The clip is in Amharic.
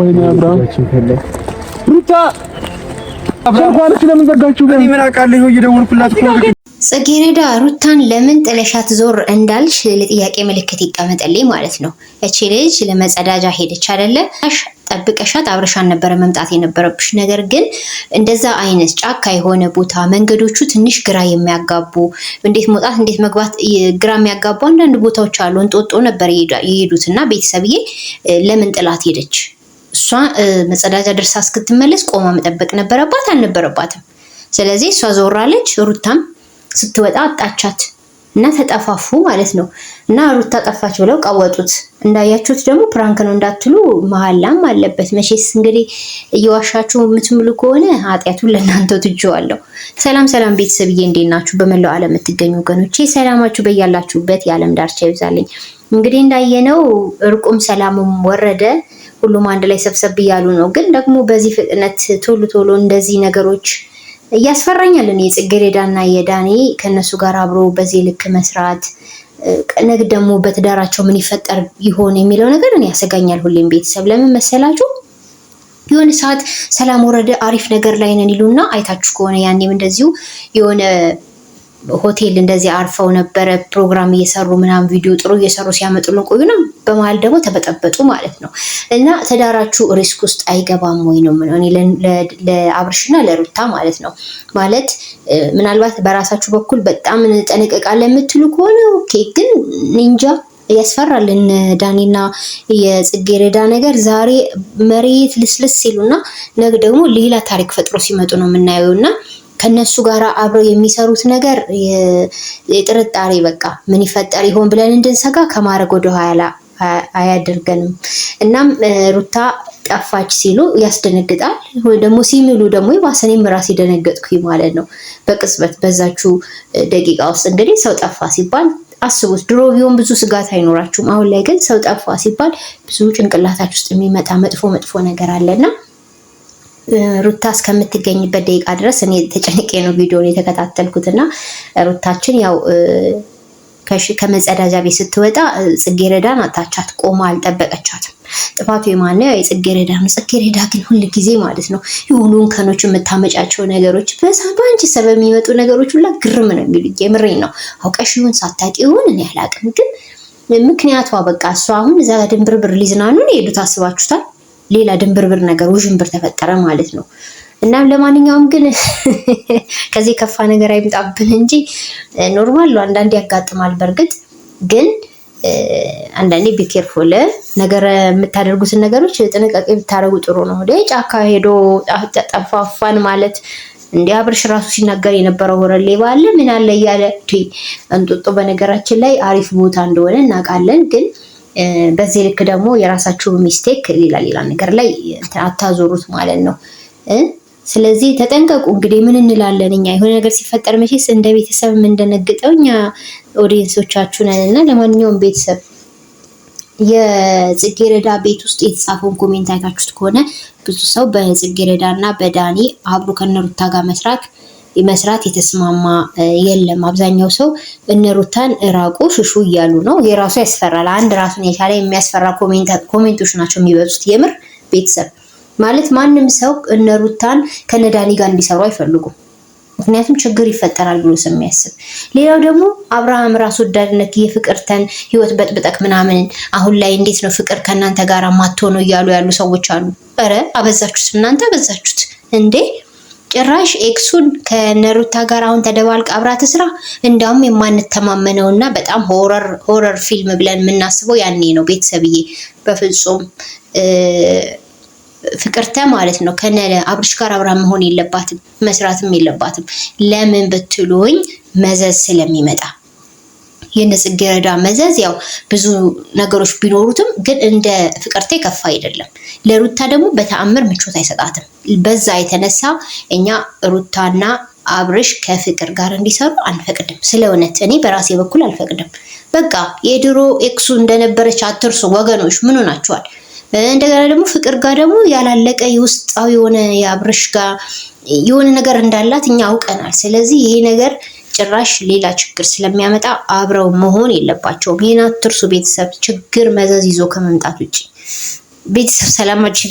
ወይኔ አብርሃም ሩታ አብርሃም ለምን ዘጋችሁ? እኔ ምን አውቃለሁ? እየደወልኩላት ጽጌረዳ ሩታን ለምን ጥለሻት ዞር እንዳልሽ ለጥያቄ ምልክት ይቀመጥልኝ ማለት ነው። እቺ ልጅ ለመጸዳጃ ሄደች አይደለ? ጠብቀሻት አብረሻን ነበረ መምጣት የነበረብሽ። ነገር ግን እንደዛ አይነት ጫካ የሆነ ቦታ መንገዶቹ ትንሽ ግራ የሚያጋቡ እንዴት መውጣት እንዴት መግባት ግራ የሚያጋቡ አንዳንድ ቦታዎች አሉ። እንጦጦ ነበር የሄዱት እና ቤተሰብዬ ለምን ጥላት ሄደች? እሷ መጸዳጃ ደርሳ እስክትመለስ ቆማ መጠበቅ ነበረባት አልነበረባትም? ስለዚህ እሷ ዞራለች። ሩታም ስትወጣ አጣቻት እና ተጠፋፉ ማለት ነው። እና ሩታ ጠፋች ብለው ቀወጡት። እንዳያችሁት ደግሞ ፕራንክ ነው እንዳትሉ መሀላም አለበት። መቼስ እንግዲህ እየዋሻችሁ የምትምሉ ከሆነ ኃጢአቱን ለእናንተው ትቼዋለሁ። ሰላም ሰላም ቤተሰብዬ፣ እንዴት ናችሁ? በመላው ዓለም የምትገኙ ወገኖቼ ሰላማችሁ በያላችሁበት የዓለም ዳርቻ ይብዛልኝ። እንግዲህ እንዳየነው እርቁም ሰላሙም ወረደ። ሁሉም አንድ ላይ ሰብሰብ እያሉ ነው። ግን ደግሞ በዚህ ፍጥነት ቶሎ ቶሎ እንደዚህ ነገሮች እያስፈራኛል። እኔ የጽጌሬዳና የዳኔ ከእነሱ ጋር አብሮ በዚህ ልክ መስራት ነግ ደግሞ በትዳራቸው ምን ይፈጠር ይሆን የሚለው ነገር እኔ ያሰጋኛል። ሁሌም ቤተሰብ ለምን መሰላችሁ? የሆነ ሰዓት ሰላም ወረደ አሪፍ ነገር ላይ ነን ይሉና አይታችሁ ከሆነ ያኔም እንደዚሁ የሆነ ሆቴል እንደዚህ አርፈው ነበረ ፕሮግራም እየሰሩ ምናምን ቪዲዮ ጥሩ እየሰሩ ሲያመጡልን ቆዩ ነው። በመሀል ደግሞ ተበጠበጡ ማለት ነው። እና ትዳራችሁ ሪስክ ውስጥ አይገባም ወይ ነው ለአብርሽና ለሩታ ማለት ነው። ማለት ምናልባት በራሳችሁ በኩል በጣም እንጠነቀቃለን የምትሉ ከሆነ ኦኬ። ግን እንጃ ያስፈራልን ዳኒና የጽጌረዳ ነገር ዛሬ መሬት ልስልስ ሲሉና ደግሞ ሌላ ታሪክ ፈጥሮ ሲመጡ ነው የምናየው እና ከነሱ ጋር አብረው የሚሰሩት ነገር የጥርጣሬ በቃ ምን ይፈጠር ይሆን ብለን እንድንሰጋ ከማድረግ ወደ ኋላ አያደርገንም። እናም ሩታ ጠፋች ሲሉ ያስደነግጣል። ወይ ደግሞ ሲምሉ ደግሞ ባሰኔም ራሴ ደነገጥኩኝ ማለት ነው። በቅጽበት በዛችሁ ደቂቃ ውስጥ እንግዲህ ሰው ጠፋ ሲባል አስቡት። ድሮ ቢሆን ብዙ ስጋት አይኖራችሁም። አሁን ላይ ግን ሰው ጠፋ ሲባል ብዙ ጭንቅላታችሁ ውስጥ የሚመጣ መጥፎ መጥፎ ነገር አለና ሩታ እስከምትገኝበት ደቂቃ ድረስ እኔ ተጨንቄ ነው ቪዲዮን የተከታተልኩት እና ሩታችን ያው ከመጸዳጃ ቤት ስትወጣ ጽጌረዳን አታቻት፣ ቆማ አልጠበቀቻትም። ጥፋቱ የማን ነው? የጽጌረዳ ነው። ጽጌረዳ ግን ሁል ጊዜ ማለት ነው የሆኑ እንከኖች የምታመጫቸው ነገሮች በዛ በአንቺ ሰበብ የሚመጡ ነገሮች ሁላ ግርም ነው የሚሉ የምሬን ነው። አውቀሽ ይሁን ሳታቂ ይሁን እኔ አላቅም፣ ግን ምክንያቷ በቃ እሷ አሁን እዛ ድንብርብር ሊዝናኑን የሄዱት አስባችሁታል። ሌላ ድንብርብር ነገር ውዥንብር ተፈጠረ ማለት ነው። እናም ለማንኛውም ግን ከዚህ ከፋ ነገር አይምጣብን እንጂ ኖርማል አንዳንዴ ያጋጥማል። በእርግጥ ግን አንዳንዴ ቢኬርፉል ነገር የምታደርጉትን ነገሮች ጥንቃቄ ብታደርጉ ጥሩ ነው። ወደ ጫካ ሄዶ ጠፋፋን ማለት እንዲ አብርሽ ራሱ ሲናገር የነበረው ወረሌ ባለ አለ ምን አለ እያለ እንጦጦ በነገራችን ላይ አሪፍ ቦታ እንደሆነ እናውቃለን ግን በዚህ ልክ ደግሞ የራሳችሁ ሚስቴክ ሌላ ሌላ ነገር ላይ አታዞሩት ማለት ነው። ስለዚህ ተጠንቀቁ። እንግዲህ ምን እንላለን እኛ የሆነ ነገር ሲፈጠር መቼስ እንደ ቤተሰብ የምንደነግጠው እኛ ኦዲየንሶቻችሁ ነን እና ለማንኛውም ቤተሰብ የጽጌረዳ ቤት ውስጥ የተጻፈውን ኮሜንት አይታችሁት ከሆነ ብዙ ሰው በጽጌረዳ እና በዳኒ አብሮ ከነሩታ ጋር መስራት መስራት የተስማማ የለም። አብዛኛው ሰው እነሩታን ራቁ ሽሹ እያሉ ነው። የራሱ ያስፈራል። አንድ ራሱን የቻለ የሚያስፈራ ኮሜንቶች ናቸው የሚበዙት። የምር ቤተሰብ ማለት ማንም ሰው እነሩታን ከነዳኒ ጋር እንዲሰሩ አይፈልጉም። ምክንያቱም ችግር ይፈጠራል ብሎ ስለሚያስብ። ሌላው ደግሞ አብርሃም ራስ ወዳድነት የፍቅርተን ህይወት በጥብጠቅ ምናምን አሁን ላይ እንዴት ነው ፍቅር ከእናንተ ጋር ማቶ ነው እያሉ ያሉ ሰዎች አሉ። ኧረ አበዛችሁት፣ እናንተ አበዛችሁት እንዴ! ጭራሽ ኤክሱን ከነሩታ ጋር አሁን ተደባልቅ አብራ ትስራ። እንዳውም የማንተማመነው እና በጣም ሆረር ፊልም ብለን የምናስበው ያኔ ነው። ቤተሰብዬ በፍጹም ፍቅርተ ማለት ነው ከነ አብርሽ ጋር አብራ መሆን የለባትም መስራትም የለባትም። ለምን ብትሉኝ መዘዝ ስለሚመጣ የነጽጌረዳ መዘዝ ያው ብዙ ነገሮች ቢኖሩትም ግን እንደ ፍቅርቴ ከፍ አይደለም። ለሩታ ደግሞ በተአምር ምቾት አይሰጣትም። በዛ የተነሳ እኛ ሩታና አብርሽ ከፍቅር ጋር እንዲሰሩ አንፈቅድም። ስለ እውነት እኔ በራሴ በኩል አልፈቅድም። በቃ የድሮ ኤክሱ እንደነበረች አትርሱ ወገኖች። ምኑ ናቸዋል? እንደገና ደግሞ ፍቅር ጋር ደግሞ ያላለቀ የውስጣዊ የሆነ የአብርሽ ጋር የሆነ ነገር እንዳላት እኛ አውቀናል። ስለዚህ ይሄ ነገር ጭራሽ ሌላ ችግር ስለሚያመጣ አብረው መሆን የለባቸውም። ይህን አትርሱ ቤተሰብ። ችግር መዘዝ ይዞ ከመምጣት ውጭ ቤተሰብ ሰላማችሁ